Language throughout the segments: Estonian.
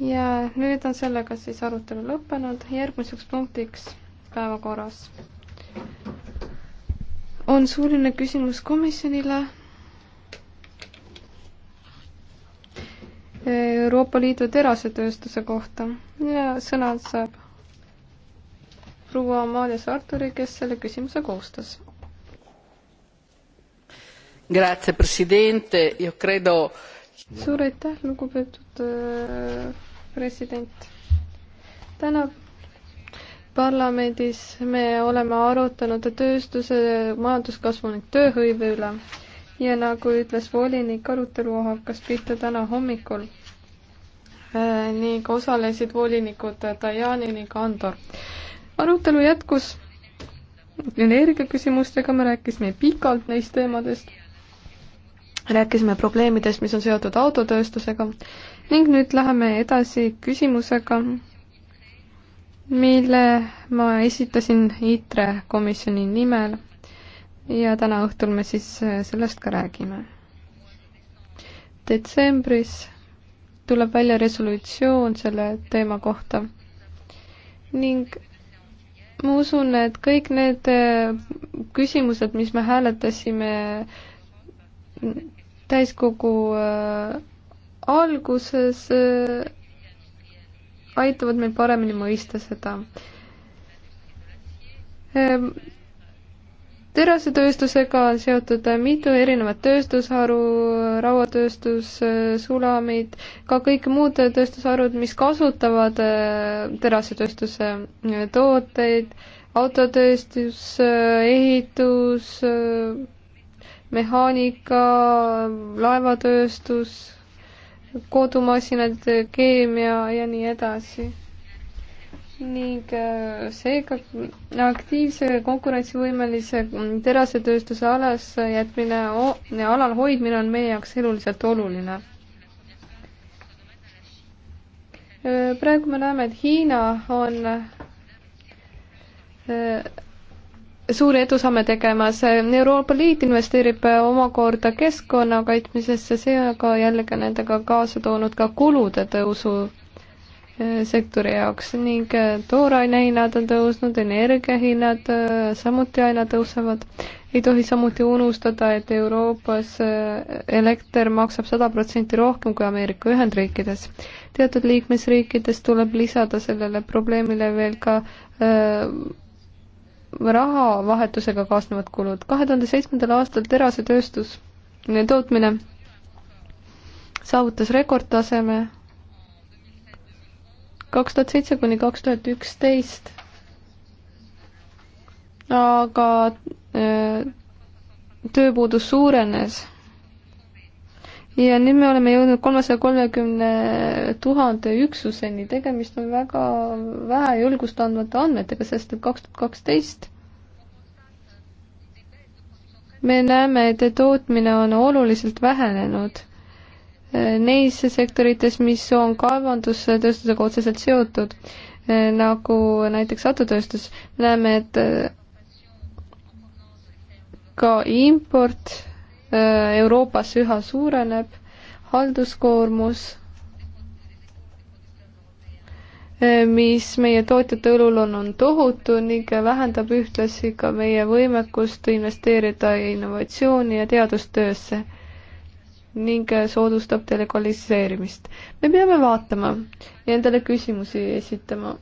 ja nüüd on sellega siis arutelu lõppenud, järgmiseks punktiks päevakorras on suuline küsimus komisjonile Euroopa Liidu terasetööstuse kohta ja sõna saab proua Amalia Sarturi, kes selle küsimuse koostas. suur aitäh, lugupeetud äh, president. täna parlamendis me oleme arutanud tööstuse, majanduskasvu ning tööhõive üle ja nagu ütles volinik, arutelu hakkas pihta täna hommikul äh, ning osalesid volinikud Tajani ning Andor. arutelu jätkus energiaküsimustega, me rääkisime pikalt neist teemadest, rääkisime probleemidest, mis on seotud autotööstusega ning nüüd läheme edasi küsimusega, mille ma esitasin ITRE komisjoni nimel ja täna õhtul me siis äh, sellest ka räägime. detsembris tuleb välja resolutsioon selle teema kohta ning ma usun, et kõik need äh, küsimused, mis me hääletasime täiskogu äh, alguses äh, aitavad meil paremini mõista seda. Ähm, terasetööstusega on seotud mitu erinevat tööstusharu, rauatööstus, äh, sulamid, ka kõik muud tööstusharud, mis kasutavad äh, terasetööstuse tooteid, autotööstus, ehitus, mehaanika, laevatööstus kodumasinad, keemia ja nii edasi. ning äh, seega aktiivse konkurentsivõimelise terasetööstuse alas jätmine, alal hoidmine on meie jaoks eluliselt oluline. Äh, praegu me näeme, et Hiina on äh, suuri edusamme tegemas. Euroopa Liit investeerib omakorda keskkonna kaitsmisesse, see on aga jällegi nendega kaasa toonud ka kulude tõusu eh, sektori jaoks ning eh, tooraine hinnad on tõusnud, energiahinnad eh, samuti aina tõusevad. ei tohi samuti unustada, et Euroopas elekter maksab sada protsenti rohkem kui Ameerika Ühendriikides. teatud liikmesriikides tuleb lisada sellele probleemile veel ka rahavahetusega kaasnevad kulud. kahe tuhande seitsmendal aastal terasetööstus, tootmine saavutas rekordtaseme kaks tuhat seitse kuni kaks tuhat üksteist. aga öö, äh, tööpuudus suurenes ja nüüd me oleme jõudnud kolmesaja kolmekümne tuhande üksuseni, tegemist on väga vähe julgust andvate andmetega, sest et kaks tuhat kaksteist me näeme, et tootmine on oluliselt vähenenud neis sektorites, mis on kaevandustööstusega otseselt seotud, nagu näiteks autotööstus, näeme, et ka import Äh, Euroopas üha suureneb, halduskoormus, äh, mis meie tootjate õlul on, on tohutu ning vähendab ühtlasi ka meie võimekust investeerida innovatsiooni ja teadustöösse ning soodustab delegaliseerimist. me peame vaatama ja endale küsimusi esitama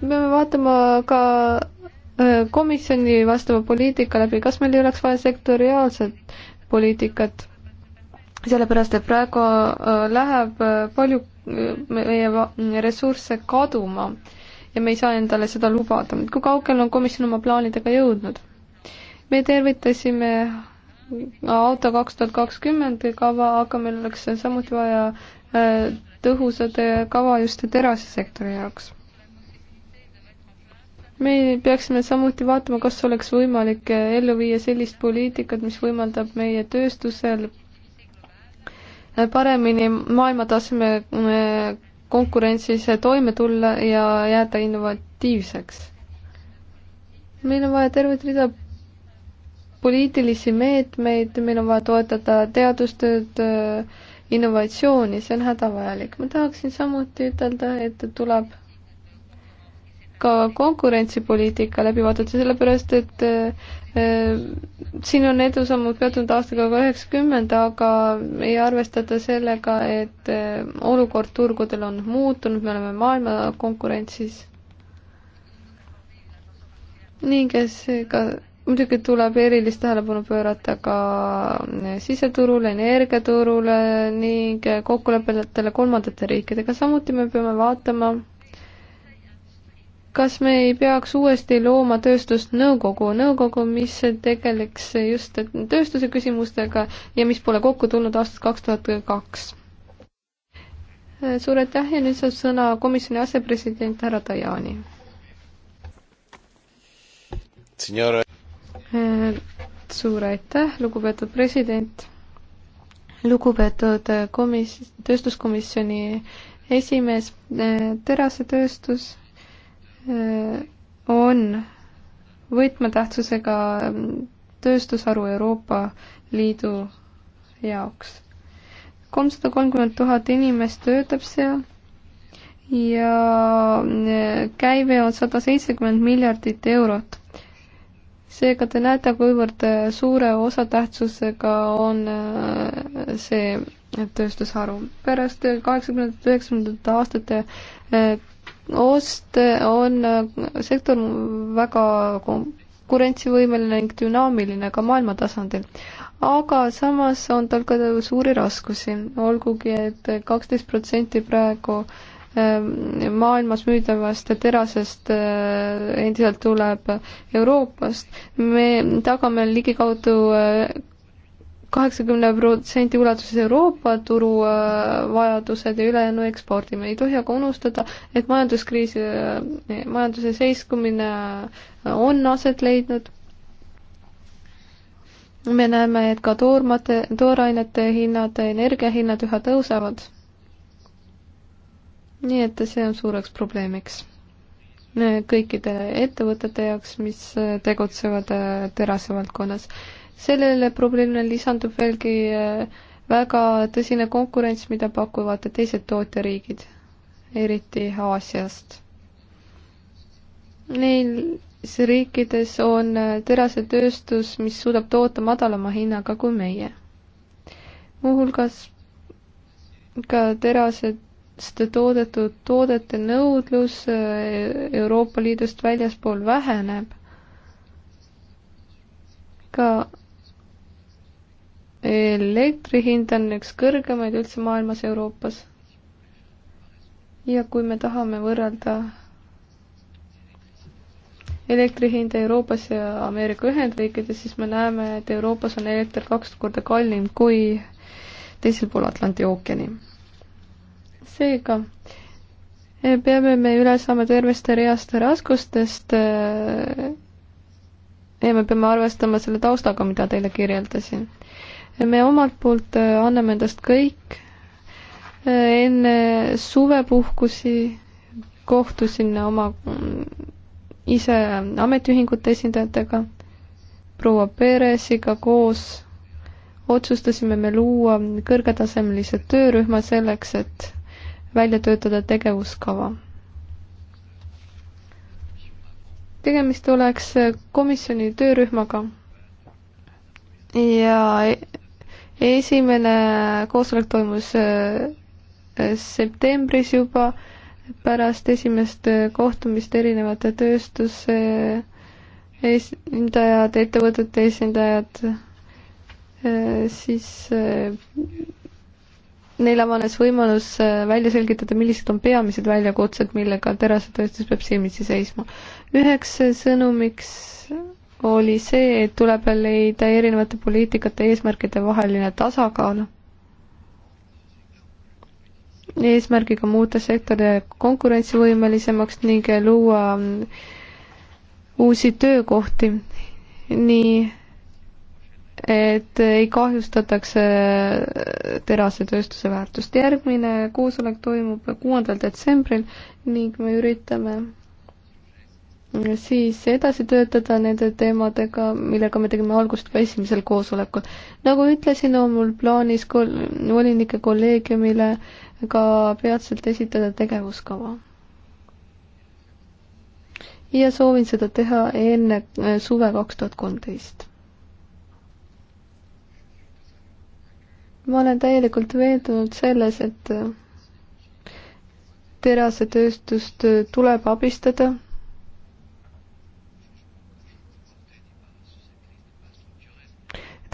me peame vaatama ka äh, komisjoni vastava poliitika läbi, kas meil ei oleks vaja sektoriaalset poliitikat, sellepärast et praegu äh, läheb äh, palju meie ressursse kaduma ja me ei saa endale seda lubada. kui kaugele on komisjon oma plaanidega jõudnud? me tervitasime auto kaks tuhat kakskümmend kava, aga meil oleks samuti vaja tõhusat kava just terasesektori jaoks me peaksime samuti vaatama, kas oleks võimalik ellu viia sellist poliitikat, mis võimaldab meie tööstusel paremini maailmataseme konkurentsis toime tulla ja jääda innovatiivseks. meil on vaja tervet rida poliitilisi meetmeid, meil on vaja toetada teadustööd, innovatsiooni, see on hädavajalik. ma tahaksin samuti ütelda, et tuleb ka konkurentsipoliitika läbi vaadata, sellepärast et äh, äh, siin on edusammud peatunud aastaga kaheksakümmend, aga ei arvestata sellega, et äh, olukord turgudel on muutunud, me oleme maailma konkurentsis. ning seega muidugi tuleb erilist tähelepanu pöörata ka siseturule, energiaturule ning kokkulepetele kolmandate riikidega, samuti me peame vaatama kas me ei peaks uuesti looma tööstust nõukogu, nõukogu, mis tegeleks just tööstuse küsimustega ja mis pole kokku tulnud aastast kaks tuhat kaks? suur aitäh ja nüüd saab sõna komisjoni asepresident härra Tajani. suur aitäh, lugupeetud president, lugupeetud komis-, tööstuskomisjoni esimees, terasetööstus Äh, on võtmetähtsusega ähm, tööstusharu Euroopa Liidu jaoks. kolmsada kolmkümmend tuhat inimest töötab seal ja äh, käive on sada seitsekümmend miljardit eurot. seega te näete, kuivõrd äh, suure osatähtsusega on see tööstusharu. pärast kaheksakümnendate, üheksakümnendate aastate ost on äh, sektor väga konkurentsivõimeline ning dünaamiline ka maailma tasandil. aga samas on tal ka suuri raskusi, olgugi et kaksteist protsenti praegu ähm, maailmas müüdavast terasest äh, endiselt tuleb Euroopast. me tagame ligikaudu äh, kaheksakümne protsendi ulatuses Euroopa turu äh, vajadused ja ülejäänu ekspordime. ei tohi aga unustada, et majanduskriisi, äh, majanduse seiskumine äh, on aset leidnud. me näeme, et ka toormate, toorainete hinnad, energiahinnad üha tõusevad. nii et see on suureks probleemiks kõikide ettevõtete jaoks, mis tegutsevad terasevaldkonnas sellele probleemile lisandub veelgi eh, väga tõsine konkurents, mida pakuvad teised tootjariigid, eriti Aasiast. Neis riikides on eh, terasetööstus, mis suudab toota madalama hinnaga kui meie. muuhulgas ka terasest toodetud toodete nõudlus eh, Euroopa Liidust väljaspool väheneb ka elektri hind on üks kõrgemaid üldse maailmas Euroopas. ja kui me tahame võrrelda elektri hinda Euroopas ja Ameerika Ühendriikides, siis me näeme, et Euroopas on elekter kaks korda kallim kui teisel pool Atlandi ookeani. seega eh, peame me üle saama tervest reast raskustest eh, ja me peame arvestama selle taustaga, mida teile kirjeldasin me omalt poolt äh, anname endast kõik. Äh, enne suvepuhkusi kohtusin oma mm, ise ametiühingute esindajatega, proua Peresiga koos otsustasime me luua kõrgetasemelise töörühma selleks, et välja töötada tegevuskava. tegemist oleks komisjoni töörühmaga ja e- esimene koosolek toimus äh, septembris juba, pärast esimest äh, kohtumist erinevate tööstuse äh, esindajad, ettevõtete esindajad, siis neil avanes võimalus välja selgitada, millised on peamised väljakutsed, millega terasetööstus peab silmitsi seisma. üheks sõnumiks oli see, et tuleb leida erinevate poliitikate eesmärkide vaheline tasakaal. eesmärgiga muuta sektor konkurentsivõimelisemaks ning luua uusi töökohti, nii et ei kahjustataks äh, terasetööstuse väärtust. järgmine koosolek toimub kuuendal detsembril ning me üritame siis edasi töötada nende teemadega, millega me tegime algust ka esimesel koosolekul. nagu ütlesin, on mul plaanis kol-, volinike kolleegiumile ka peatselt esitada tegevuskava. ja soovin seda teha enne äh, suve kaks tuhat kolmteist. ma olen täielikult veendunud selles, et äh, terasetööstust äh, tuleb abistada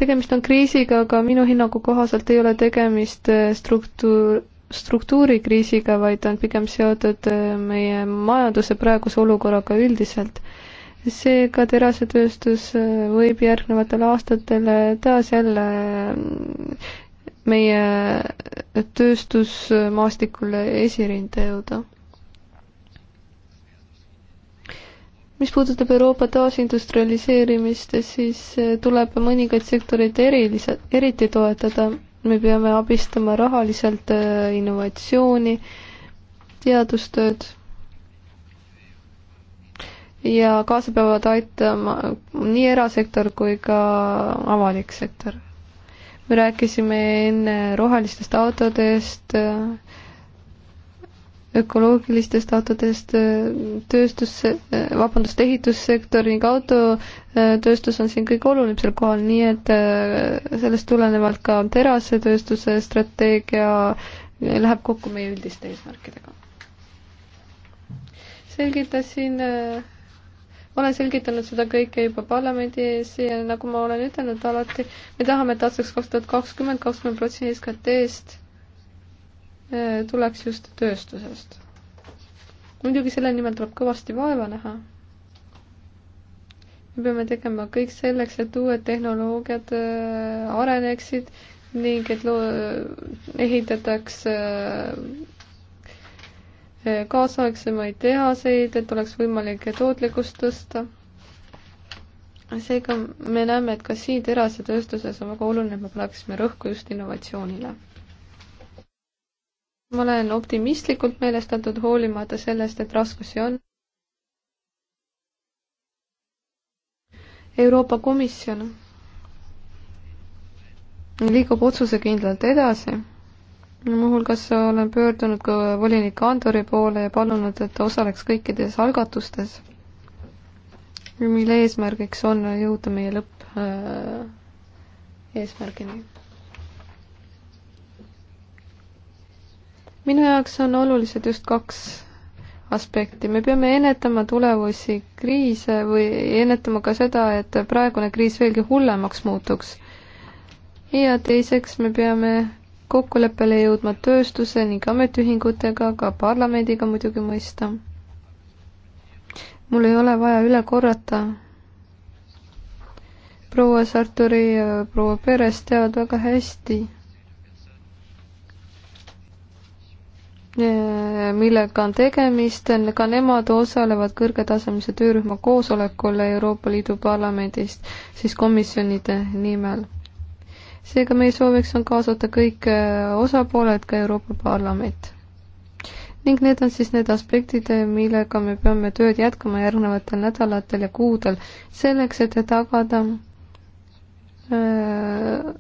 tegemist on kriisiga, aga minu hinnangu kohaselt ei ole tegemist äh, struktuur, struktuurikriisiga, vaid on pigem seotud äh, meie majanduse praeguse olukorraga üldiselt. seega terasetööstus äh, võib järgnevatel aastatel taas jälle meie tööstusmaastikul esirinde jõuda mis puudutab Euroopa taasindustrialiseerimist, siis eh, tuleb mõningaid sektoreid eriliselt, eriti toetada. me peame abistama rahaliselt eh, innovatsiooni, teadustööd ja kaasa peavad aitama nii erasektor kui ka avalik sektor. me rääkisime enne rohelistest autodest, eh, ökoloogilistest autodest äh, tööstusse, äh, vabandust, ehitussektor ning autotööstus on siin kõik olulisel kohal, nii et äh, sellest tulenevalt ka terasetööstuse strateegia läheb kokku meie üldiste eesmärkidega. selgitasin, olen selgitanud seda kõike juba parlamendi ees ja nagu ma olen ütelnud alati, me tahame, et aastaks kaks tuhat kakskümmend kakskümmend protsenti SKT-st Äh, tuleks just tööstusest. muidugi selle nimel tuleb kõvasti vaeva näha. me peame tegema kõik selleks, et uued tehnoloogiad äh, areneksid ning et loo-, ehitataks äh, kaasaegsemaid tehaseid, et oleks võimalik tootlikkust tõsta. seega me näeme, et ka siin terasetööstuses on väga oluline, et me paneksime rõhku just innovatsioonile ma olen optimistlikult meelestatud, hoolimata sellest, et raskusi on. Euroopa Komisjon liigub otsusekindlalt edasi. muuhulgas olen pöördunud ka volinik Andori poole ja palunud, et ta osaleks kõikides algatustes, mille eesmärgiks on jõuda meie lõpp äh, eesmärgini minu jaoks on olulised just kaks aspekti, me peame ennetama tulevusi kriise või ennetama ka seda, et praegune kriis veelgi hullemaks muutuks. ja teiseks me peame kokkuleppele jõudma tööstuse ning ametiühingutega, ka parlamendiga muidugi mõista. mul ei ole vaja üle korrata. proua Sartori ja proua Peres teavad väga hästi, Äh, millega on tegemist, ka nemad osalevad kõrgetasemelise töörühma koosolekul Euroopa Liidu Parlamendist siis komisjonide nimel. seega meie sooviks on kaasata kõik äh, osapooled, ka Euroopa Parlament. ning need on siis need aspektid, äh, millega me peame tööd jätkama järgnevatel nädalatel ja kuudel, selleks et tagada öö,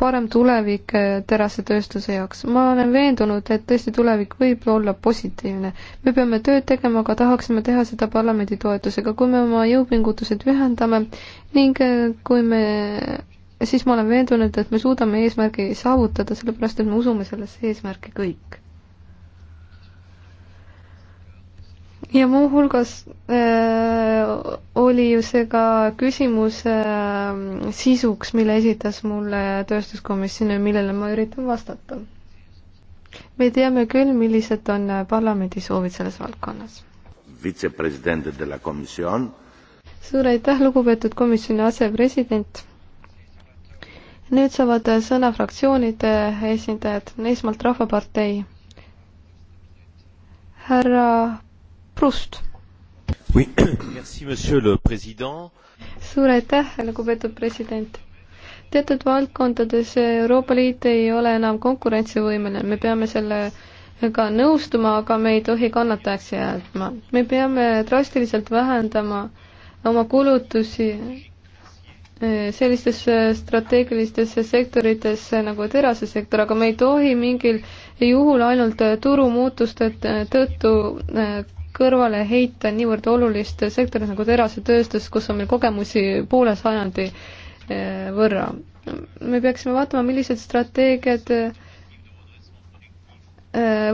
parem tulevik eh, terasetööstuse jaoks. ma olen veendunud, et tõesti tulevik võib olla positiivne. me peame tööd tegema, aga tahaksime teha seda parlamendi toetusega, kui me oma jõupingutused ühendame ning eh, kui me, siis ma olen veendunud, et me suudame eesmärgi saavutada, sellepärast et me usume sellesse eesmärki kõik. ja muuhulgas äh, oli ju see ka küsimus äh, sisuks, mille esitas mulle tööstuskomisjon ja millele ma üritan vastata. me teame küll, millised on äh, parlamendi soovid selles valdkonnas. suur aitäh, lugupeetud komisjoni asepresident. nüüd saavad äh, sõna fraktsioonide esindajad, esmalt Rahvapartei. härra Prust. suur aitäh, lugupeetud president teatud valdkondades Euroopa Liit ei ole enam konkurentsivõimeline, me peame sellega nõustuma, aga me ei tohi kannatajaks jääma. me peame drastiliselt vähendama oma kulutusi eh, sellistes eh, strateegilistes sektorites eh, nagu terasesektor, aga me ei tohi mingil juhul ainult turumuutuste tõttu kõrvale heita niivõrd olulist sektorit nagu terasetööstus, kus on meil kogemusi poole sajandi eh, võrra. me peaksime vaatama, millised strateegiad eh,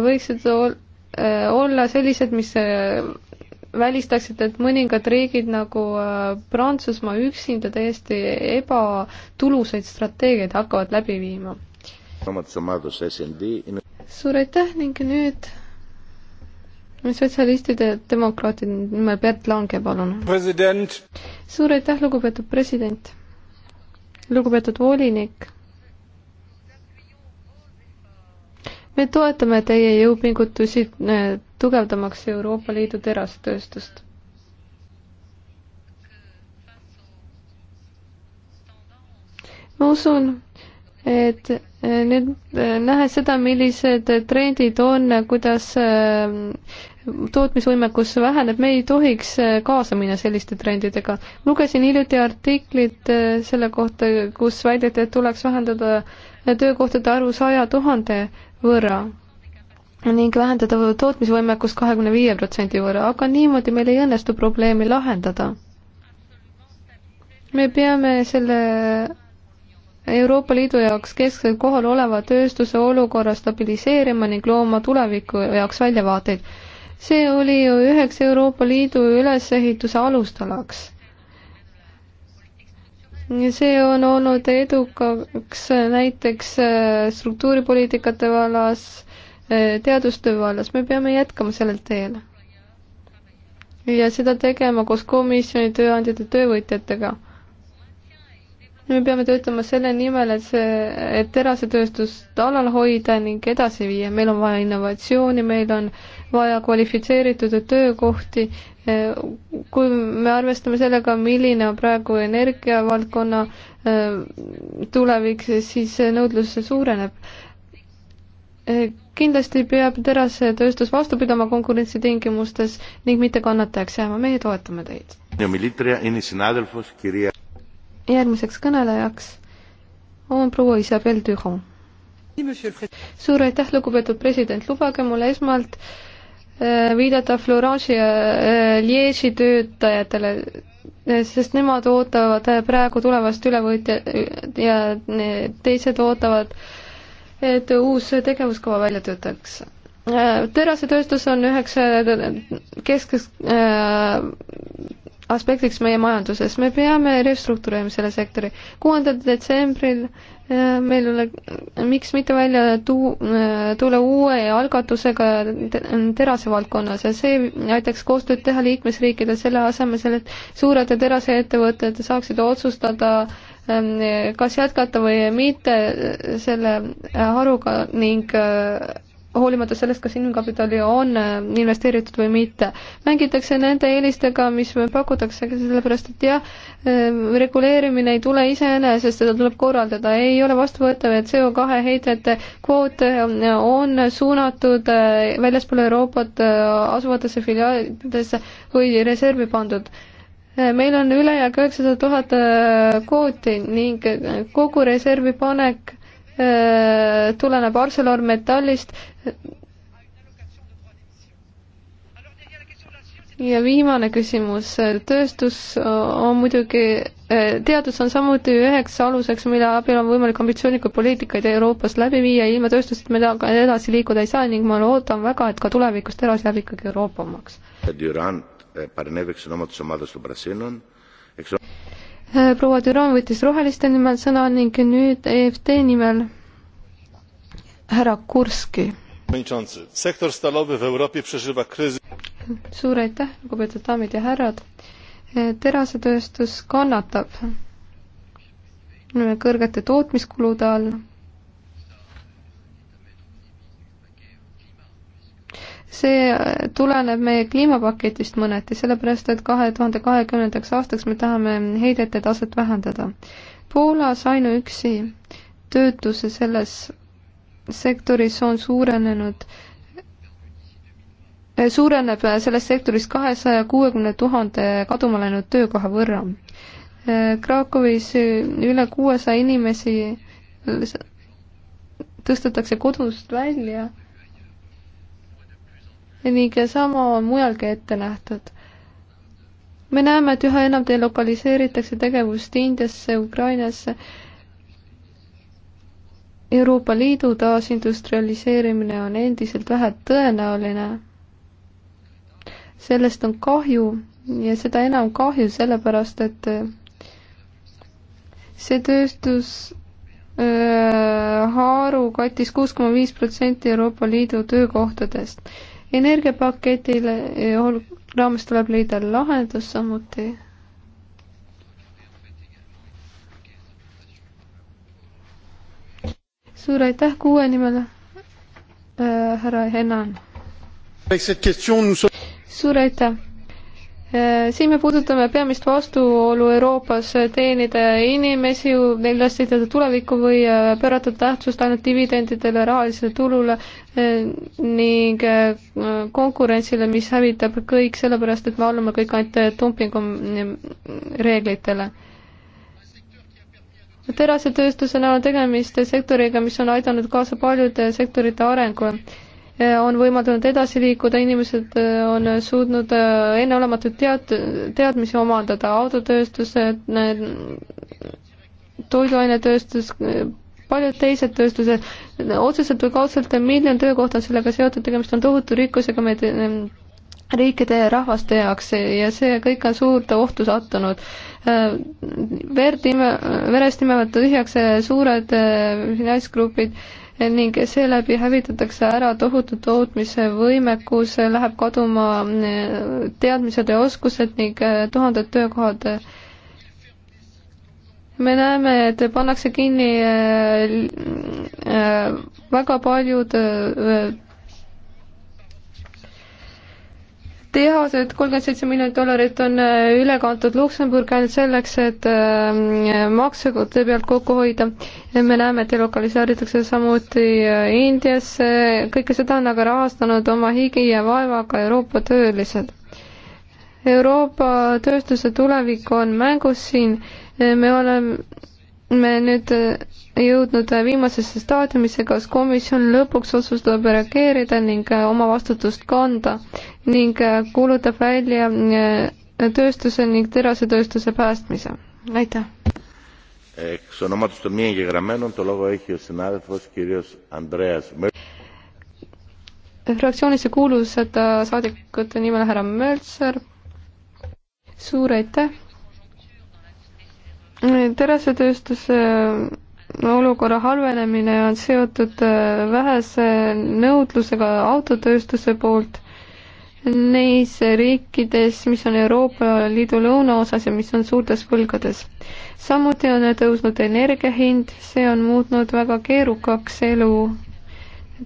võiksid eh, olla sellised, mis välistaksid, et mõningad riigid nagu Prantsusmaa üksinda täiesti ebatulusaid strateegiaid hakkavad läbi viima. suur aitäh ning nüüd sotsialistide ja demokraatide nimel Bert Lange, palun. suur aitäh, lugupeetud president. lugupeetud volinik. me toetame teie jõupingutusi eh, tugevdamaks Euroopa Liidu terastööstust. ma usun, et eh, nüüd eh, nähes seda, millised trendid on, kuidas tootmisvõimekus väheneb, me ei tohiks äh, kaasa minna selliste trendidega. lugesin hiljuti artiklit äh, selle kohta, kus väideti, et tuleks vähendada äh, töökohtade arvu saja tuhande võrra ning vähendada tootmisvõimekust kahekümne viie protsendi võrra, aga niimoodi meil ei õnnestu probleemi lahendada. me peame selle Euroopa Liidu jaoks keskselt kohal oleva tööstuse olukorra stabiliseerima ning looma tuleviku jaoks väljavaateid see oli ju üheks Euroopa Liidu ülesehituse alustalaks. see on olnud edukaks näiteks äh, struktuuripoliitikate vallas, äh, teadustöö vallas, me peame jätkama sellel teel. ja seda tegema koos komisjoni, tööandjate, töövõtjatega me peame töötama selle nimel, et see, et terasetööstust alal hoida ning edasi viia, meil on vaja innovatsiooni, meil on vaja kvalifitseeritud töökohti. kui me arvestame sellega, milline on praegu energiavaldkonna eh, tulevik, siis nõudlus suureneb. Eh, kindlasti peab terasetööstus vastu pidama konkurentsitingimustes ning mitte kannatajaks jääma, meie toetame teid. järgmiseks kõnelejaks on proua Isabel Düron. suur aitäh, lugupeetud president, lubage mul esmalt äh, Äh, viidata Florange'i ja äh, Liege'i töötajatele, äh, sest nemad ootavad praegu tulevast ülevõtja ja teised ootavad, et uus tegevuskava välja töötaks. terasetööstus on üheks keskseks aspektiks meie majanduses, me peame restruktureerima selle sektori. kuuendal detsembril äh, meil ole, miks mitte välja tuu-, äh, tulla uue algatusega terase valdkonnas ja see aitaks koostööd teha liikmesriikidel selle asemel, et suured teraseettevõtted saaksid otsustada ähm, kas jätkata või mitte selle haruga ning äh, hoolimata sellest, kas inimkapitali on äh, investeeritud või mitte. mängitakse nende eelistega, mis pakutakse, sellepärast et jah, äh, reguleerimine ei tule iseenesest, seda tuleb korraldada, ei ole vastuvõetav, et CO2 heitete kvoot äh, on suunatud väljaspool Euroopat asuvatesse filiaalidesse või reservi pandud meil on ülejääk üheksasada tuhat kvooti ning kogu reservi panek Äh, tuleneb ArcelorMetallist. ja viimane küsimus, tööstus on muidugi, äh, teadus on samuti üheks aluseks, mille abil on võimalik ambitsioonikaid poliitikaid Euroopas läbi viia, ilma tööstuseta me edasi liikuda ei saa ning ma loodan väga, et ka tulevikus teras jääb ikkagi Euroopa omaks. Eh, Äh, proua Düran võttis Roheliste nimel sõna ning nüüd EFT nimel härra Kurski. suur aitäh, lugupeetud daamid ja härrad. Äh, terasetööstus kannatab kõrgete tootmiskulude all see tuleneb meie kliimapaketist mõneti, sellepärast et kahe tuhande kahekümnendaks aastaks me tahame heidete taset vähendada. Poolas ainuüksi töötuse selles sektoris on suurenenud, suureneb selles sektoris kahesaja kuuekümne tuhande kaduma läinud töökoha võrra. Krakowis üle kuuesaja inimesi tõstetakse kodust välja ning sama on mujalgi ette nähtud. me näeme, et üha enam delokaliseeritakse tegevust Indiasse, Ukrainasse. Euroopa Liidu taasindustrialiseerimine on endiselt vähe tõenäoline. sellest on kahju ja seda enam kahju sellepärast, et see tööstus öö, haaru kattis kuus koma viis protsenti Euroopa Liidu töökohtadest energiapaketile eh, raames tuleb leida lahendus samuti. suur aitäh kuue nimele äh,, härra Hennan. suur aitäh Äh, siin me puudutame peamist vastuolu Euroopas äh, teenida inimesi, neil lasta tulevikku või äh, pöörata tähtsust ainult dividendidele, rahalisele tulule ning konkurentsile, mis hävitab kõik, sellepärast et me allume kõik ainult dumpingu mm, reeglitele. terasetööstuse näol on tegemist sektoriga, mis on aidanud kaasa paljude sektorite arengule Eh, on võimaldanud edasi liikuda, inimesed eh, on suutnud eh, enneolematuid tead-, teadmisi omandada, autotööstused, toiduainetööstus, paljud teised tööstused, otseselt või kaudselt miljon töökohta on sellega seotud, tegemist on tohutu rikkusega, me riikide ja rahvaste jaoks ja see kõik on suurde ohtu sattunud. Verd ime, verest imevad tühjaks suured äh, finantsgrupid ning seeläbi hävitatakse ära tohutu tootmisvõimekus, läheb kaduma äh, teadmised ja oskused ning äh, tuhanded töökohad me näeme, et pannakse kinni väga paljud tehased, kolmkümmend seitse miljonit dollarit on äh, üle kantud Luksemburgi ainult selleks, et äh, maksude pealt kokku hoida. me näeme, et delokaliseeritakse samuti äh, Indiasse, kõike seda on aga rahastanud oma higi ja vaevaga Euroopa töölised. Euroopa tööstuse tulevik on mängus siin, me oleme me nüüd äh, jõudnud äh, viimasesse staadiumisse, kas komisjon lõpuks otsustab reageerida ning äh, oma vastutust kanda ning kuulutab välja tööstuse ning terasetööstuse päästmise. aitäh. fraktsioonisse kuulusate saadikute nimel härra Möltser, suur aitäh terasetööstuse äh, olukorra halvenemine on seotud äh, vähese nõudlusega autotööstuse poolt neis riikides, mis on Euroopa Liidu lõunaosas ja mis on suurtes võlgades. samuti on tõusnud energia hind, see on muutnud väga keerukaks elu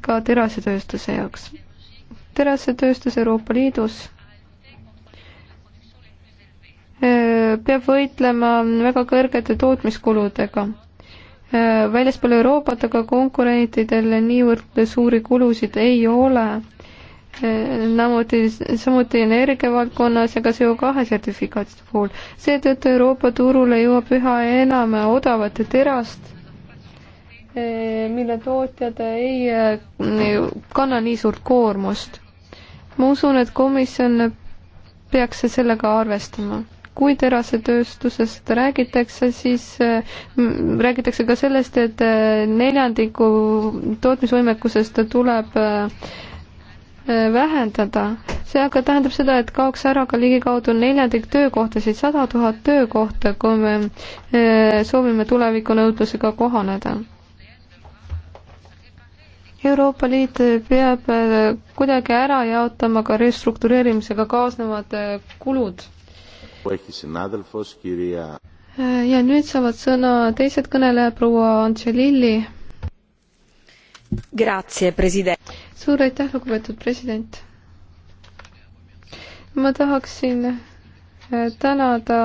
ka terasetööstuse jaoks. terasetööstus Euroopa Liidus peab võitlema väga kõrgete tootmiskuludega. väljaspool Euroopat aga konkurentidel niivõrd suuri kulusid ei ole. Namuti, samuti energiavaldkonnas ja ka CO2 sertifikaatide puhul. seetõttu Euroopa turule jõuab üha enam odavat terast, mille tootjad ei kanna nii suurt koormust. ma usun, et komisjon peaks sellega arvestama kui terasetööstusest räägitakse, siis mm, räägitakse ka sellest, et äh, neljandiku tootmisvõimekusest tuleb äh, äh, vähendada. see aga tähendab seda, et kaoks ära ka ligikaudu neljandik töökohtasid, sada tuhat töökohta, kui me soovime tulevikunõudlusega kohaneda Euroopa Liit peab kuidagi ära jaotama ka restruktureerimisega kaasnevad kulud ja nüüd saavad sõna teised kõnelejad, proua Angelilli. suur aitäh, lugupeetud president. ma tahaksin tänada,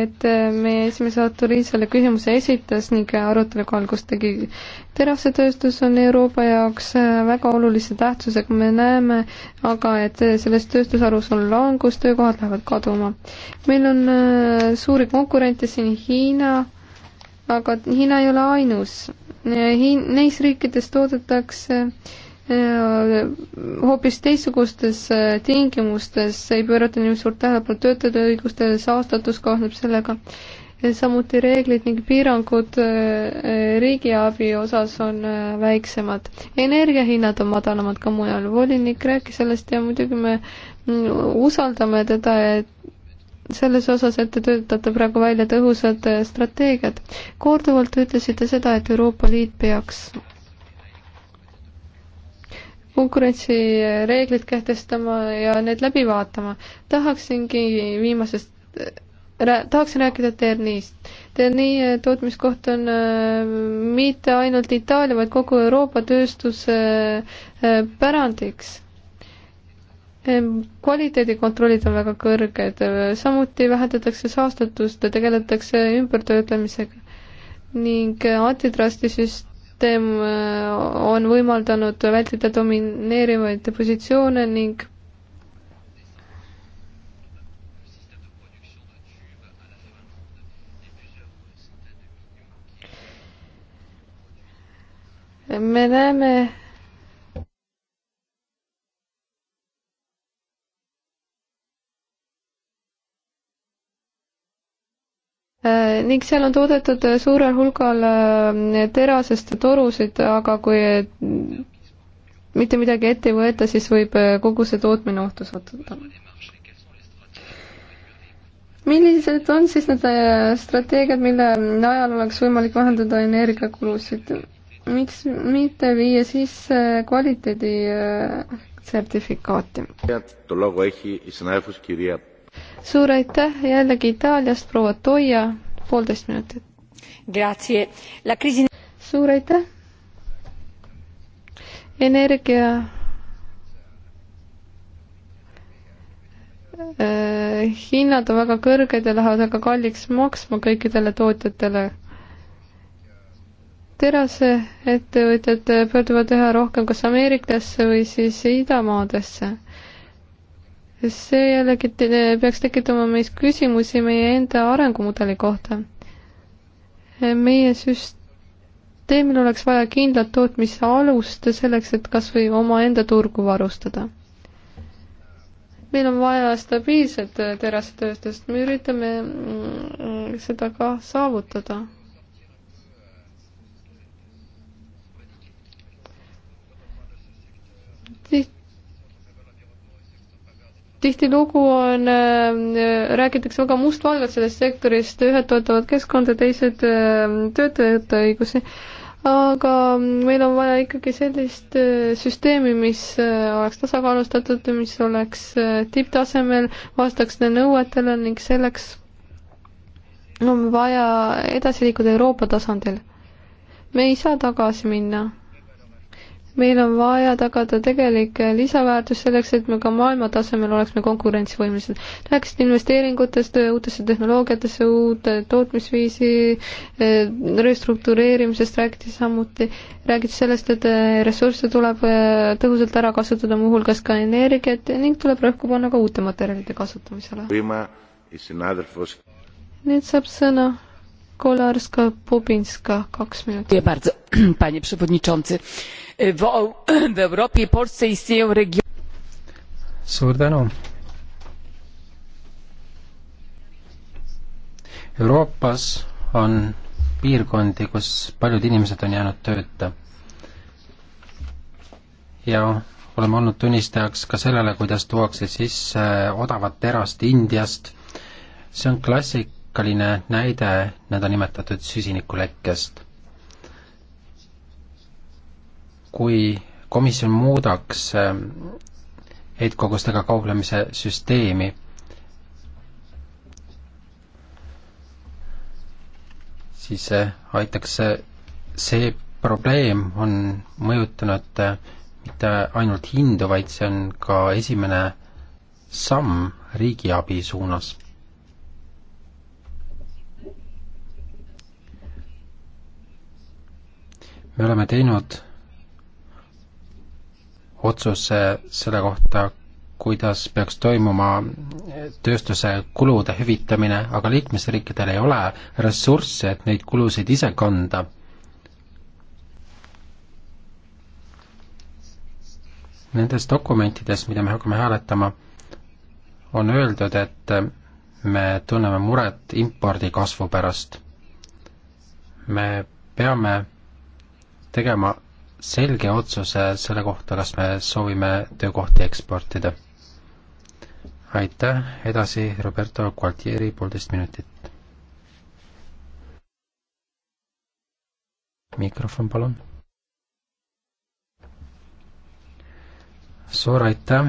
et meie esimees Artur Iisale küsimuse esitas ning aruteluga algust tegi. terasetööstus on Euroopa jaoks väga olulise tähtsusega, me näeme aga, et selles tööstusharus on langus, töökohad lähevad kaduma. meil on äh, suuri konkurente siin Hiina, aga Hiina ei ole ainus. Hiin-, neis riikides toodetakse äh, hoopis teistsugustes äh, tingimustes, ei pöörata nii suurt tähelepanu töötajate õigustele, saastatus kaasneb sellega. samuti reeglid ning piirangud äh, äh, riigiabi osas on väiksemad. energiahinnad on madalamad ka mujal, volinik rääkis sellest ja muidugi me mm, usaldame teda, et selles osas, et te töötate praegu välja tõhusad strateegiad. korduvalt ütlesite seda, et Euroopa Liit peaks konkurentsireeglid kehtestama ja need läbi vaatama. tahaksingi viimasest rää-, tahaksin rääkida Ternist. Terni eh, tootmiskoht on äh, mitte ainult Itaalia, vaid kogu Euroopa tööstuse äh, äh, pärandiks ähm,. kvaliteedikontrollid on väga kõrged, samuti vähendatakse saastatust, tegeletakse ümbertöötlemisega ning antitrusti süst-, süsteem äh, on võimaldanud vältida domineerivaid positsioone ning me näeme Äh, ning seal on toodetud äh, suurel hulgal äh, terasest torusid, aga kui mitte midagi ette ei võeta, siis võib kogu see tootmine ohtu sattuda. millised on siis need strateegiad, mille najal oleks võimalik vähendada energiakulusid? miks mitte viia sisse kvaliteedi sertifikaati? suur aitäh jällegi Itaaliast, proua Toia, poolteist minutit. Kriisi... suur aitäh. energia äh, hinnad on väga kõrged ja lähevad väga kalliks maksma kõikidele tootjatele. teraseettevõtjad pöörduvad üha rohkem kas Ameerikasse või siis idamaadesse see jällegi peaks tekitama meis küsimusi meie enda arengumudeli kohta. meie süsteemil oleks vaja kindlat tootmise alust selleks, et kas või omaenda turgu varustada. meil on vaja stabiilset terasetööstust, me üritame mm, seda ka saavutada tihti tihtilugu on äh,, räägitakse väga mustvalgelt sellest sektorist, ühed toetavad keskkonda, teised äh, töötajate õigusi, aga meil on vaja ikkagi sellist äh, süsteemi, mis äh, oleks tasakaalustatud, mis oleks äh, tipptasemel, vastaks nõuetele ning selleks on vaja edasi liikuda Euroopa tasandil. me ei saa tagasi minna meil on vaja tagada tegelik lisaväärtus selleks, et me ka maailma tasemel oleksime konkurentsivõimelised. rääkisid investeeringutest, uutesse tehnoloogiatesse, uute tootmisviisi eh, restruktureerimisest räägiti samuti, räägiti sellest, et eh, ressursse tuleb eh, tõhusalt ära kasutada, muuhulgas ka energiat ning tuleb rõhku panna ka uute materjalide kasutamisele. nüüd saab sõna Kolarska-Bobinska, kaks minutit. Dziękuję bardzo, panie przewodniczący. W Europie i Polsce istnieją regioony. suur tänu. Euroopas on piirkondi, kus paljud inimesed on jäänud tööta. ja oleme olnud tunnistajaks ka sellele, kuidas tuuakse sisse odavat terast Indiast, see on klassik klassikaline näide nõndanimetatud süsinikulekkest. kui komisjon muudaks ähm, heitkogustega kauplemise süsteemi, siis äh, aitaks äh, see probleem on mõjutanud äh, mitte ainult hindu, vaid see on ka esimene samm riigiabi suunas me oleme teinud otsuse selle kohta, kuidas peaks toimuma tööstuse kulude hüvitamine, aga liikmesriikidel ei ole ressursse, et neid kulusid ise kanda. Nendes dokumentides, mida me hakkame hääletama, on öeldud, et me tunneme muret impordi kasvu pärast. me peame tegema selge otsuse selle kohta, kas me soovime töökohti eksportida. aitäh, edasi Roberto Gualtieri poolteist minutit. mikrofon, palun. suur aitäh.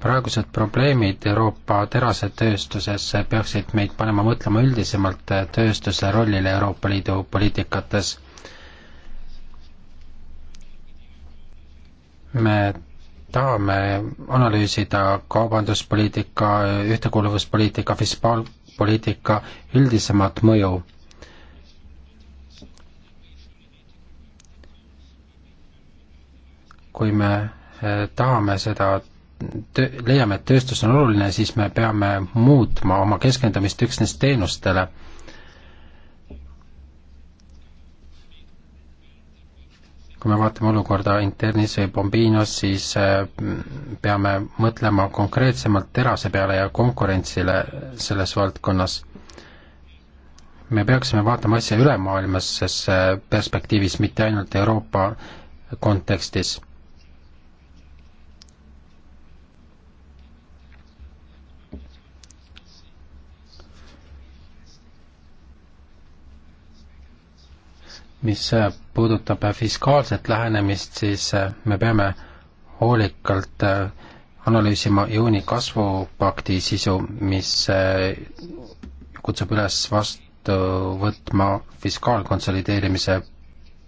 praegused probleemid Euroopa terasetööstuses peaksid meid panema mõtlema üldisemalt tööstuse rollile Euroopa Liidu poliitikates me tahame analüüsida kaubanduspoliitika, ühtekuuluvuspoliitika, fiskaalpoliitika üldisemat mõju. kui me eh, tahame seda töö, leiame, et tööstus on oluline, siis me peame muutma oma keskendumist üksnes teenustele kui me vaatame olukorda internis või Bombinos, siis äh, peame mõtlema konkreetsemalt terase peale ja konkurentsile selles valdkonnas. me peaksime vaatama asja ülemaailmases äh, perspektiivis, mitte ainult Euroopa kontekstis mis äh, puudutab äh, fiskaalset lähenemist, siis äh, me peame hoolikalt analüüsima juuni kasvupakti sisu, mis kutsub üles vastu võtma fiskaalkonsolideerimise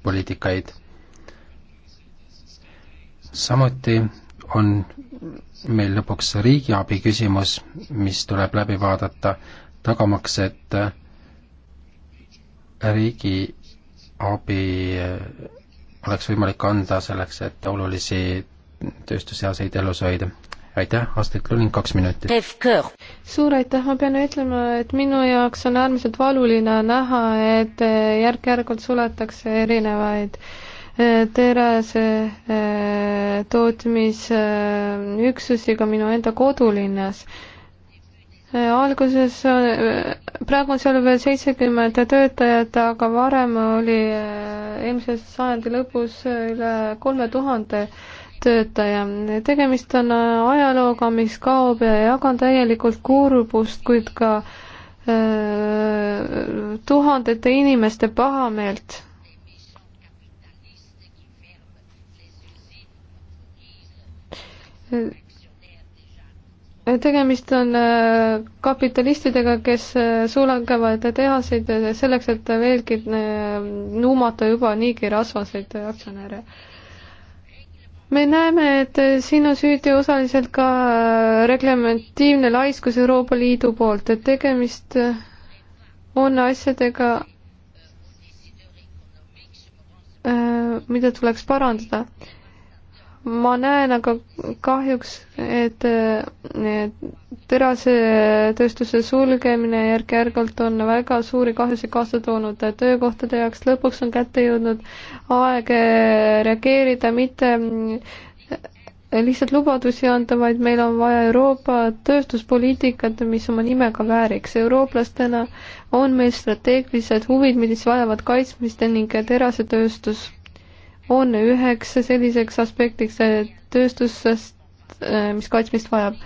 poliitikaid. samuti on meil lõpuks riigiabi küsimus, mis tuleb läbi vaadata, tagamaks, et riigi abi eh, oleks võimalik anda selleks, et olulisi tööstuseaseid elus hoida. aitäh, Astrid Luling, kaks minutit. suur aitäh, ma pean ütlema, et minu jaoks on äärmiselt valuline näha, et eh, järk-järgult suletakse erinevaid eh, terase tootmisüksusi ka minu enda kodulinnas alguses, äh, praegu on seal veel seitsekümmend töötajat, aga varem oli äh, eelmise sajandi lõpus üle kolme tuhande töötaja. tegemist on äh, ajalooga, mis kaob ja jagan täielikult kurbust, kuid ka öö, tuhandete inimeste pahameelt tegemist on äh, kapitalistidega, kes äh, sulgevad tehaseid äh, selleks, et veelgi nuumata juba niigi rasvaseid aktsionäre. me näeme, et siin on süüdi osaliselt ka reglementiivne laiskus Euroopa Liidu poolt, et tegemist on asjadega, mida tuleks parandada ma näen aga kahjuks, et terasetööstuse sulgemine järk-järgult on väga suuri kahjusid kaasa toonud töökohtade jaoks. lõpuks on kätte jõudnud aeg reageerida, mitte lihtsalt lubadusi anda, vaid meil on vaja Euroopa tööstuspoliitikat, mis oma nimega vääriks. eurooplastena on meil strateegilised huvid, mis vajavad kaitsmist ning terasetööstus on üheks selliseks aspektiks tööstusest, äh, mis kaitsmist vajab.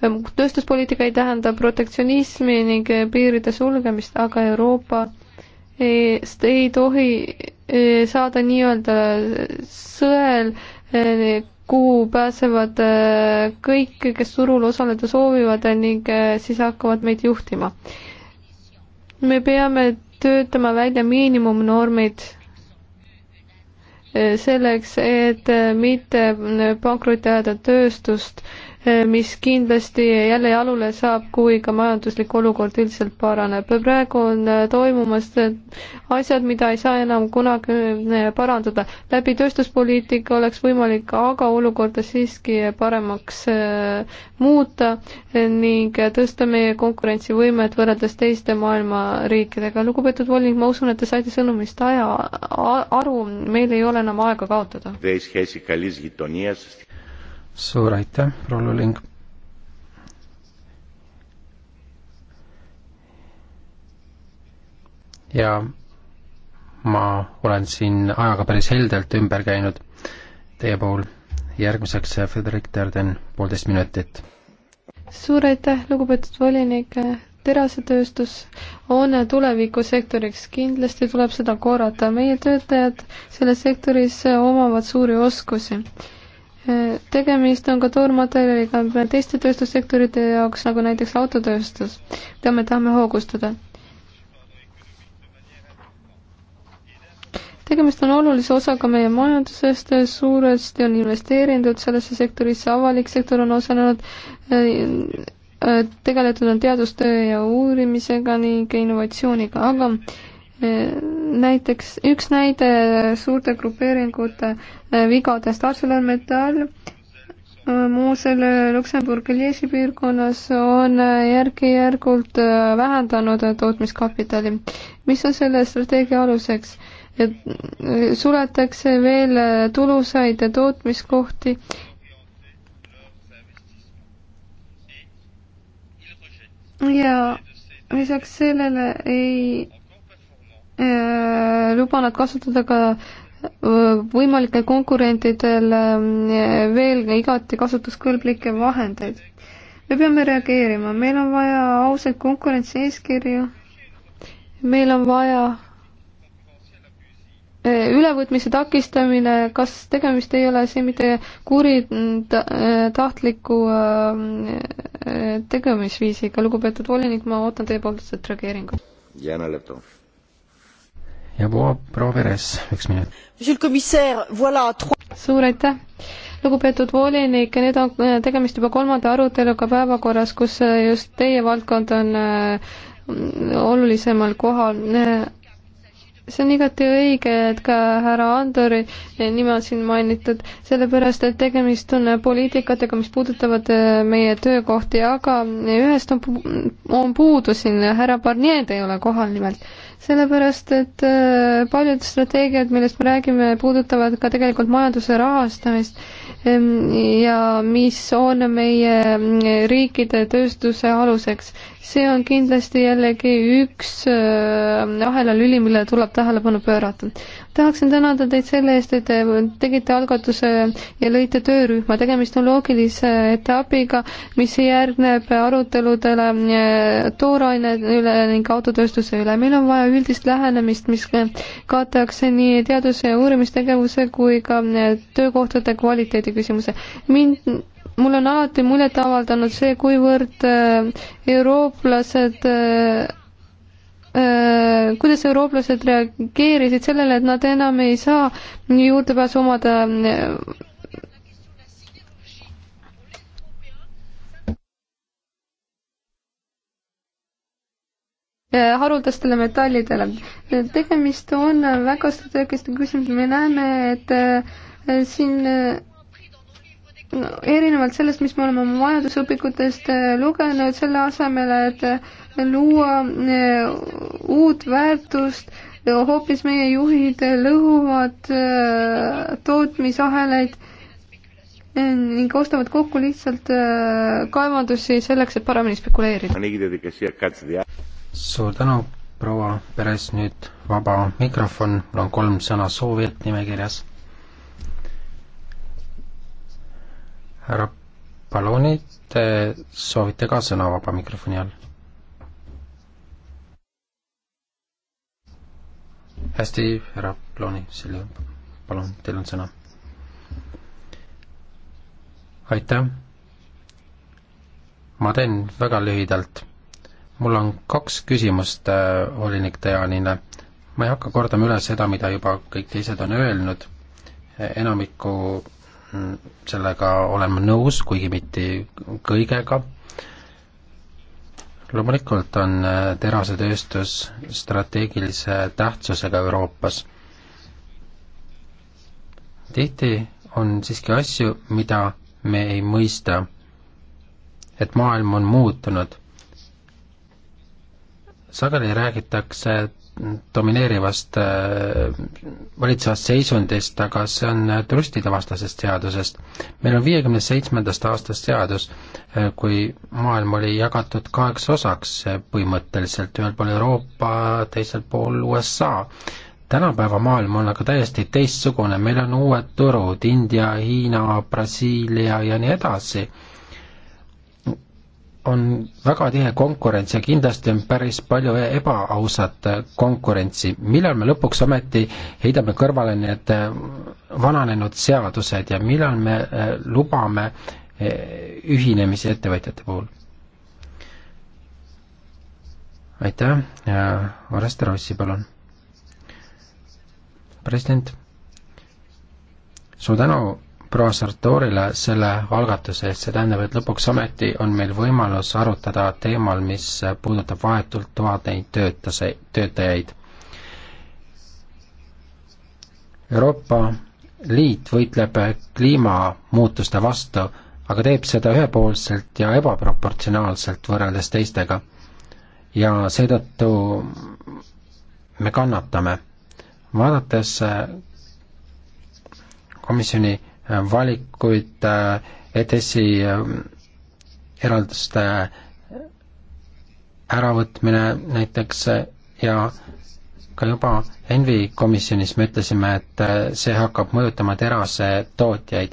Ähm, tööstuspoliitika ei tähenda protektsionismi ning äh, piiride sulgemist, aga Euroopa eest ei tohi äh, saada nii-öelda sõel, kuhu pääsevad kõik, kes turul osaleda soovivad ning siis hakkavad meid juhtima. me peame töötama välja miinimumnormid selleks, et mitte pankrotti ajada tööstust Eh, mis kindlasti jälle jalule saab, kui ka majanduslik olukord üldiselt paraneb. praegu on eh, toimumas eh, asjad, mida ei saa enam kunagi parandada. läbi tööstuspoliitika oleks võimalik aga olukorda siiski paremaks muuta ning tõsta meie konkurentsivõimet võrreldes teiste maailma riikidega. lugupeetud volinik, ma usun, et te saite sõnumist aja aru, meil ei ole enam aega kaotada suur aitäh, proua Luling. ja ma olen siin ajaga päris heldelt ümber käinud teie puhul. järgmiseks eh, Frederik Terden, poolteist minutit. suur aitäh, lugupeetud volinik, terasetööstus on tulevikusektoriks, kindlasti tuleb seda korrata, meie töötajad selles sektoris omavad suuri oskusi tegemist on ka toormaterjaliga teiste tööstussektorite jaoks, nagu näiteks autotööstus, mida me tahame hoogustada. tegemist on olulise osaga meie majandusest, suuresti on investeeritud sellesse sektorisse, avalik sektor on osalenud, eh, eh, tegeletud on teadustöö ja uurimisega ning innovatsiooniga, aga näiteks üks näide suurte grupeeringute eh, vigadest ArcelorMittal eh, Muusel Luksemburgi Liesi piirkonnas on eh, järk-järgult vähendanud tootmiskapitali. mis on selle strateegia aluseks? et suletakse veel tulusaid tootmiskohti ja lisaks sellele ei Äh, luba nad kasutada ka äh, võimalikel konkurentidel äh, veel igati kasutuskõlblikke vahendeid. me peame reageerima, meil on vaja ausaid konkurentsieeskirju, meil on vaja ülevõtmise takistamine, kas tegemist ei ole see mitte kuritahtliku tegemisviisiga, lugupeetud volinik, ma ootan teie poolt reageeringut. Jana Leto ja proua Peres, üks minut. suur aitäh! lugupeetud volinik, nüüd on äh, tegemist juba kolmanda aruteluga päevakorras, kus äh, just teie valdkond on äh, olulisemal kohal see on igati õige, et ka härra Andori nime on siin mainitud, sellepärast et tegemist on poliitikatega, mis puudutavad meie töökohti, aga ühest on, on puudu siin, härra Barnier ei ole kohal nimelt sellepärast, et äh, paljud strateegiad, millest me räägime, puudutavad ka tegelikult majanduse rahastamist ehm, ja mis on meie mm, riikide tööstuse aluseks. see on kindlasti jällegi üks äh, ahelalüli, millele tuleb tähelepanu pöörata tahaksin tänada teid selle eest, et te tegite algatuse ja lõite töörühma, tegemist on loogilise etapiga, mis järgneb aruteludele eh, tooraine üle ning autotööstuse üle. meil on vaja üldist lähenemist, mis kataks nii teadus- ja uurimistegevuse kui ka eh, töökohtade kvaliteedi küsimuse. mind mul on alati muljet avaldanud see, kuivõrd eh, eurooplased Äh, kuidas eurooplased reageerisid sellele, et nad enam ei saa juurdepääsu omada äh, haruldastele metallidele. tegemist on väga strateegiliste küsimusega, me näeme, et äh, siin erinevalt sellest, mis me oleme oma majandusõpikutest äh, lugenud, selle asemel, et äh, luua äh, uut väärtust, hoopis meie juhid lõhuvad tootmisahelaid ning ostavad kokku lihtsalt kaevandusi selleks, et paremini spekuleerida. suur tänu, proua Peres, nüüd vaba mikrofon, mul on kolm sõna soovijat nimekirjas härra Paloni, te soovite ka sõna vaba mikrofoni all? hästi, härra Paloni, selle, palun, teil on sõna. aitäh. ma teen väga lühidalt. mul on kaks küsimust äh, volinik Dejanile. ma ei hakka kordama üle seda, mida juba kõik teised on öelnud, enamiku sellega olen ma nõus, kuigi mitte kõigega. loomulikult on äh, terasetööstus strateegilise tähtsusega Euroopas. tihti on siiski asju, mida me ei mõista, et maailm on muutunud sageli räägitakse domineerivast äh, valitsevast seisundist, aga see on äh, turistide vastasest seadusest. meil on viiekümne seitsmendast aastast seadus, äh, kui maailm oli jagatud kaheks osaks põhimõtteliselt, ühel pool Euroopa, teisel pool USA. tänapäeva maailm on aga täiesti teistsugune, meil on uued turud, India, Hiina, Brasiilia ja nii edasi on väga tihe konkurents ja kindlasti on päris palju ebaausat konkurentsi. millal me lõpuks ometi heidame kõrvale need äh, vananenud seadused ja millal me äh, lubame äh, ühinemisi ettevõtjate puhul? aitäh ja Oreste Rossi, palun. president, suur tänu proua Sartorile selle algatuse eest, see tähendab, et lõpuks ometi on meil võimalus arutada teemal, mis puudutab vahetult tuhandeid töötase, töötajaid. Euroopa Liit võitleb kliimamuutuste vastu, aga teeb seda ühepoolselt ja ebaproportsionaalselt võrreldes teistega. ja seetõttu me kannatame. vaadates komisjoni valikuid äh, ETS-i äh, eralduste äh, äravõtmine näiteks ja ka juba Envi komisjonis me ütlesime, et see hakkab mõjutama terasetootjaid.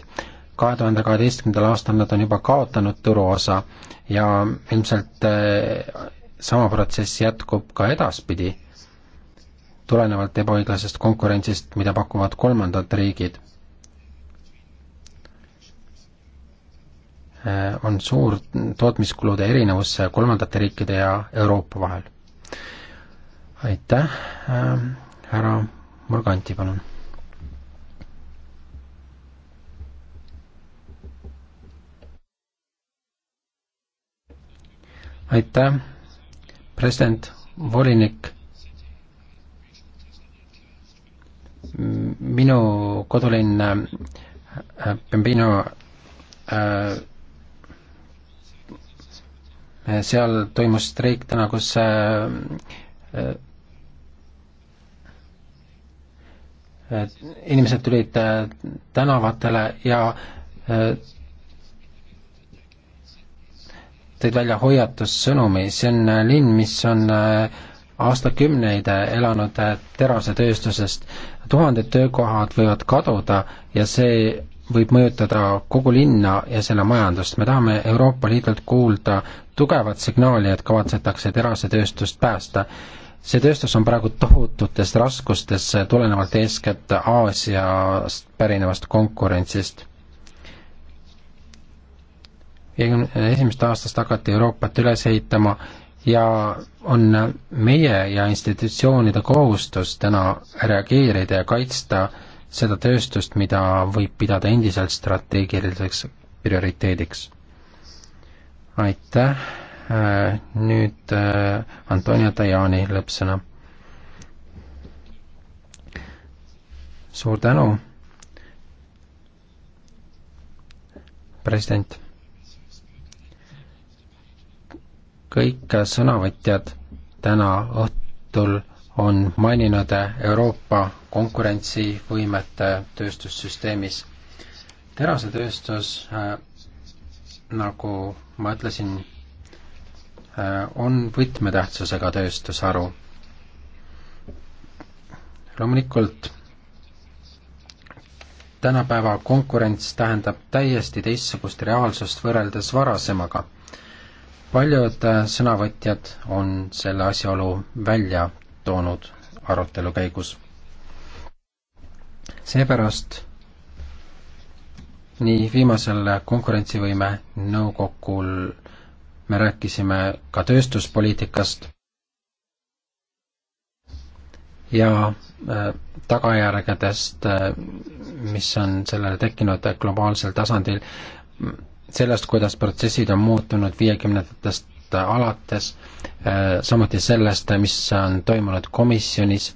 kahe tuhande kaheteistkümnendal aastal nad on juba kaotanud turuosa ja ilmselt sama protsess jätkub ka edaspidi, tulenevalt ebaõiglasest konkurentsist, mida pakuvad kolmandad riigid Äh, on suur tootmiskulude erinevus kolmandate riikide ja Euroopa vahel. aitäh, ähm, härra Morganti, palun. aitäh, president, volinik. minu kodulinn Pembino äh, äh Eh, seal toimus streik täna, kus eh, eh, inimesed tulid tänavatele ja tõid välja hoiatussõnumi, see on linn, mis on aastakümneid elanud terasetööstusest. tuhanded töökohad võivad kaduda ja see võib mõjutada kogu linna ja selle majandust. me tahame Euroopa Liidult kuulda tugevat signaali, et kavatsetakse terasetööstust päästa. see tööstus on praegu tohututes raskustes, tulenevalt eeskätt Aasiast pärinevast konkurentsist. esimesest aastast hakati Euroopat üles ehitama ja on meie ja institutsioonide kohustus täna reageerida ja kaitsta äh, seda tööstust, mida võib pidada endiselt strateegiliseks prioriteediks. aitäh, äh, nüüd äh, Antonia Tajani lõppsõna. suur tänu, president. kõik sõnavõtjad täna õhtul on maininud Euroopa konkurentsivõimet äh, tööstussüsteemis. terasetööstus, äh, nagu ma ütlesin, äh, on võtmetähtsusega tööstusharu. loomulikult tänapäeva konkurents tähendab täiesti teistsugust reaalsust võrreldes varasemaga. paljud sõnavõtjad on selle asjaolu välja toonud arutelu käigus. seepärast nii viimasel konkurentsivõime nõukogul me rääkisime ka tööstuspoliitikast ja äh, tagajärgedest, äh, mis on sellele tekkinud globaalsel tasandil, sellest, kuidas protsessid on muutunud viiekümnendatest aastast alates, äh, samuti sellest, mis on toimunud komisjonis.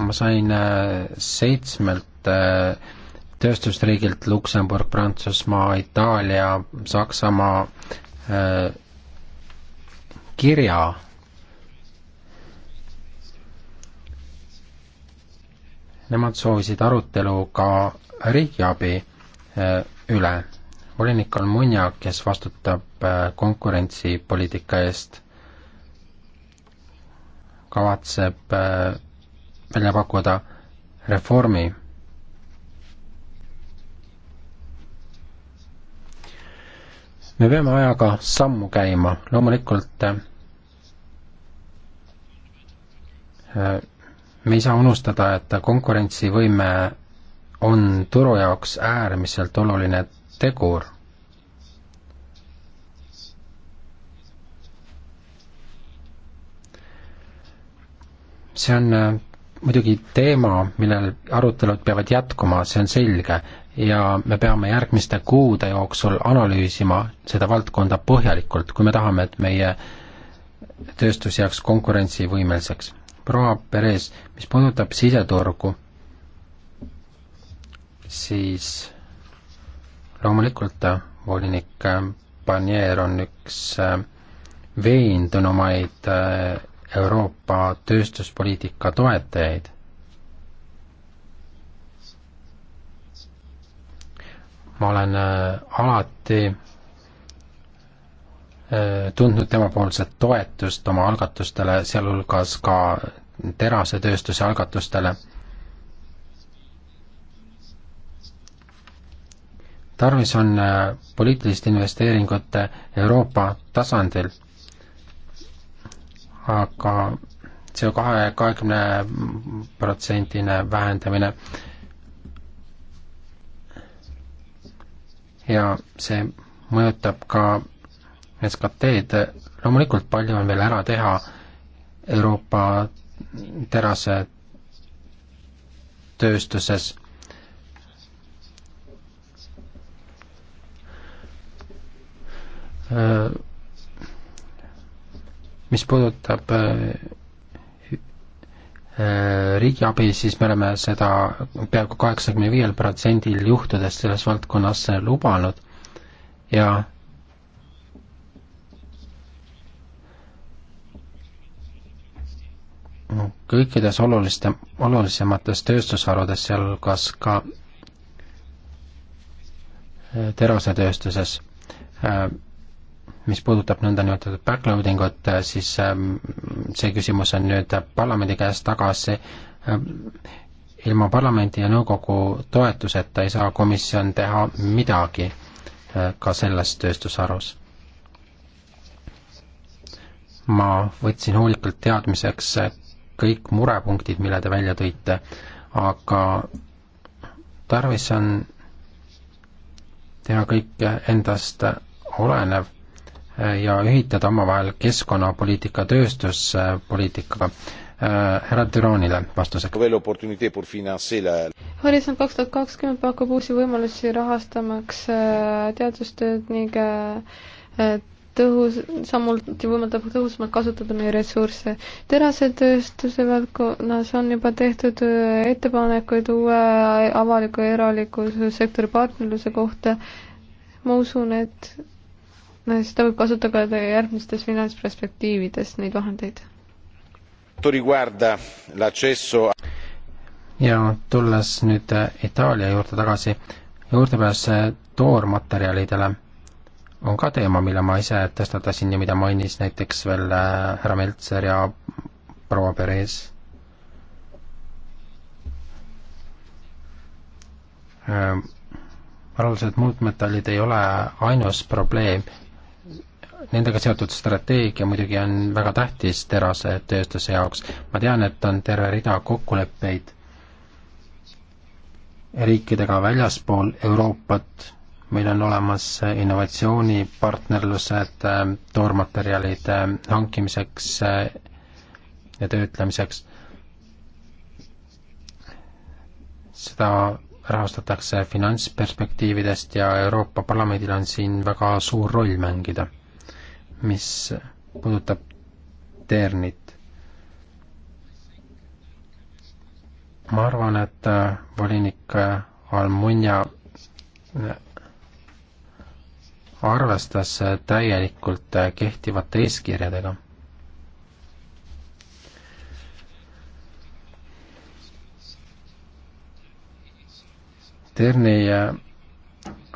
ma sain äh, seitsmelt äh, tööstusriigilt Luksemburg, Prantsusmaa, Itaalia, Saksamaa kirja nemad soovisid arutelu ka riigiabi üle volinik Almunia, kes vastutab äh, konkurentsipoliitika eest, kavatseb äh, välja pakkuda reformi me peame ajaga sammu käima, loomulikult äh, me ei saa unustada, et konkurentsivõime on turu jaoks äärmiselt oluline tegur see on äh, muidugi teema, millel arutelud peavad jätkuma, see on selge, ja me peame järgmiste kuude jooksul analüüsima seda valdkonda põhjalikult, kui me tahame, et meie tööstus jääks konkurentsivõimeliseks. proua Perez, mis puudutab siseturgu, siis loomulikult äh, volinik äh, Barnier on üks äh, veendunumaid Euroopa tööstuspoliitika toetajaid. ma olen alati tundnud temapoolset toetust oma algatustele, sealhulgas ka terasetööstuse algatustele tarvis on äh, poliitilist investeeringut Euroopa tasandil. aga CO kahe, kahekümne protsendine vähendamine ja see mõjutab ka SKT-d, loomulikult palju on veel ära teha Euroopa terasetööstuses Äh, mis puudutab äh, äh, riigiabi, siis me oleme seda peaaegu kaheksakümne viiel protsendil juhtudest selles valdkonnas lubanud ja kõikides oluliste, olulisemates tööstusharudes, sealhulgas ka terasetööstuses äh, mis puudutab nõndanimetatud backloading ut, äh, siis ähm, see küsimus on nüüd äh, parlamendi käes tagasi. Ähm, ilma parlamendi ja nõukogu toetuseta ei saa komisjon teha midagi äh, ka selles tööstusharus. ma võtsin hoolikalt teadmiseks kõik murepunktid, mille te välja tõite, aga tarvis on teha kõik endast olenev ja ühitada omavahel keskkonnapoliitika tööstuspoliitikaga. Äh, härra Düronile vastuseks. Horisont kaks tuhat kakskümmend pakub uusi võimalusi rahastamaks äh, teadustööd ning äh, tõhus, samuti võimaldab tõhusamalt kasutada meie ressursse. terasetööstuse valdkonnas on juba tehtud ettepanekuid uue avaliku ja eraliku sektori partnerluse kohta. ma usun, et seda võib kasutada ka järgmistes finantsperspektiivides, neid vahendeid. ja tulles nüüd Itaalia juurde tagasi, juurdepääs toormaterjalidele on ka teema, mille ma ise tõstatasin ja mida mainis näiteks veel äh, härra Meltser ja proua Perez. Äh, varulised muutmetallid ei ole ainus probleem, nendega seotud strateegia muidugi on väga tähtis terasetööstuse jaoks. ma tean, et on terve rida kokkuleppeid riikidega väljaspool Euroopat, meil on olemas innovatsioonipartnerlused äh, toormaterjalide hankimiseks äh, ja töötlemiseks. seda rahastatakse finantsperspektiividest ja Euroopa Parlamendil on siin väga suur roll mängida mis puudutab Ternit. ma arvan, et äh, volinik äh, Almunia äh, arvestas täielikult kehtivate eeskirjadega. Terni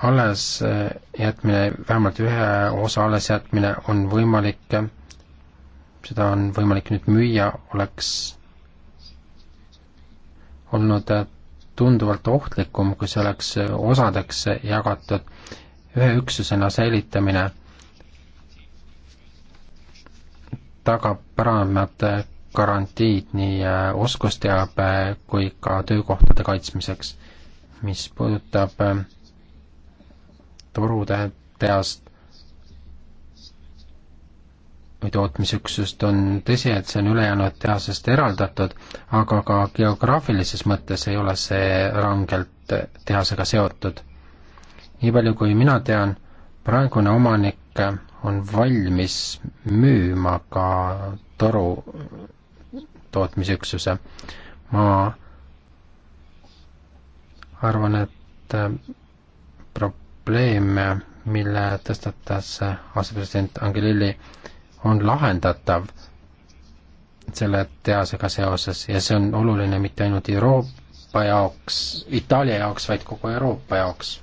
allesjätmine, eh, vähemalt ühe osa allesjätmine on võimalik, seda on võimalik nüüd müüa, oleks olnud eh, tunduvalt ohtlikum, kui see oleks eh, osadeks jagatud. ühe üksusena säilitamine tagab paremad garantiid nii oskusteabe kui ka töökohtade kaitsmiseks. mis puudutab äh, torude tehast või tootmisüksust, on tõsi, et see on ülejäänud tehasest eraldatud, aga ka geograafilises mõttes ei ole see rangelt tehasega seotud. nii palju, kui mina tean, praegune omanik on valmis müüma ka toru tootmisüksuse. ma arvan, et äh, pro-, probleem, mille tõstatas asepresident Angelilli, on lahendatav selle tehasega seoses ja see on oluline mitte ainult Euroopa jaoks, Itaalia jaoks, vaid kogu Euroopa jaoks.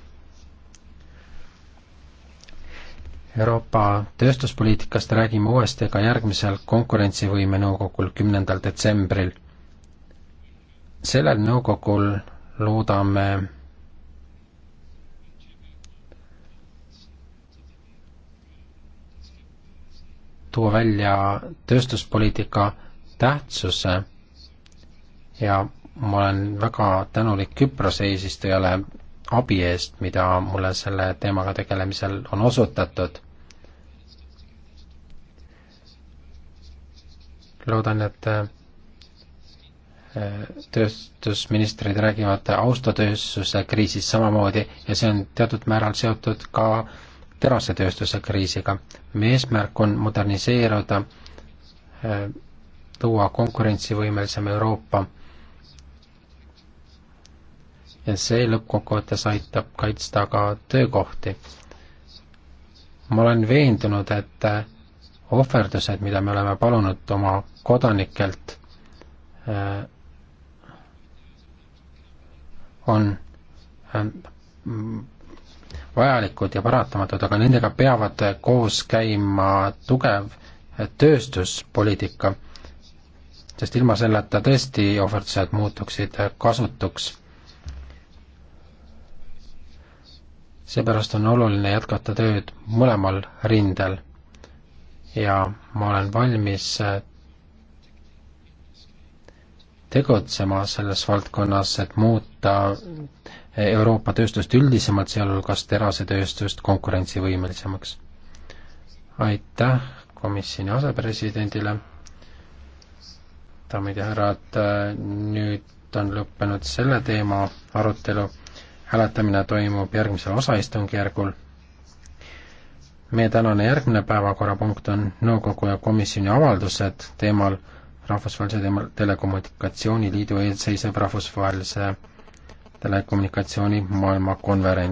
Euroopa tööstuspoliitikast räägime uuesti ka järgmisel konkurentsivõime nõukogul, kümnendal detsembril. sellel nõukogul loodame tuua välja tööstuspoliitika tähtsuse ja ma olen väga tänulik Küprose eesistujale abi eest, mida mulle selle teemaga tegelemisel on osutatud. loodan, et eh, tööstusministrid räägivad autotööstuse kriisist samamoodi ja see on teatud määral seotud ka äh, terasetööstuse kriisiga. meie eesmärk on moderniseeruda, äh, luua konkurentsivõimelisem Euroopa ja see lõppkokkuvõttes aitab kaitsta ka töökohti. ma olen veendunud, et äh, ohverdused, mida me oleme palunud oma kodanikelt, äh, on vajalikud ja paratamatud, aga nendega peavad koos käima tugev tööstuspoliitika, sest ilma selleta tõesti ohverdused muutuksid kasutuks. seepärast on oluline jätkata tööd mõlemal rindel ja ma olen valmis tegutsema selles valdkonnas, et muuta Euroopa tööstust üldisemalt, sealhulgas terasetööstust konkurentsivõimelisemaks. aitäh komisjoni asepresidendile, daamid ja härrad, nüüd on lõppenud selle teema arutelu, hääletamine toimub järgmisel osaistungjärgul meie tänane järgmine päevakorrapunkt on nõukogu ja komisjoni avaldused teemal Rahvusvahelise Telekommunikatsiooni Liidu eelseisev rahvusvahelise telekommunikatsiooni maailmakonverents.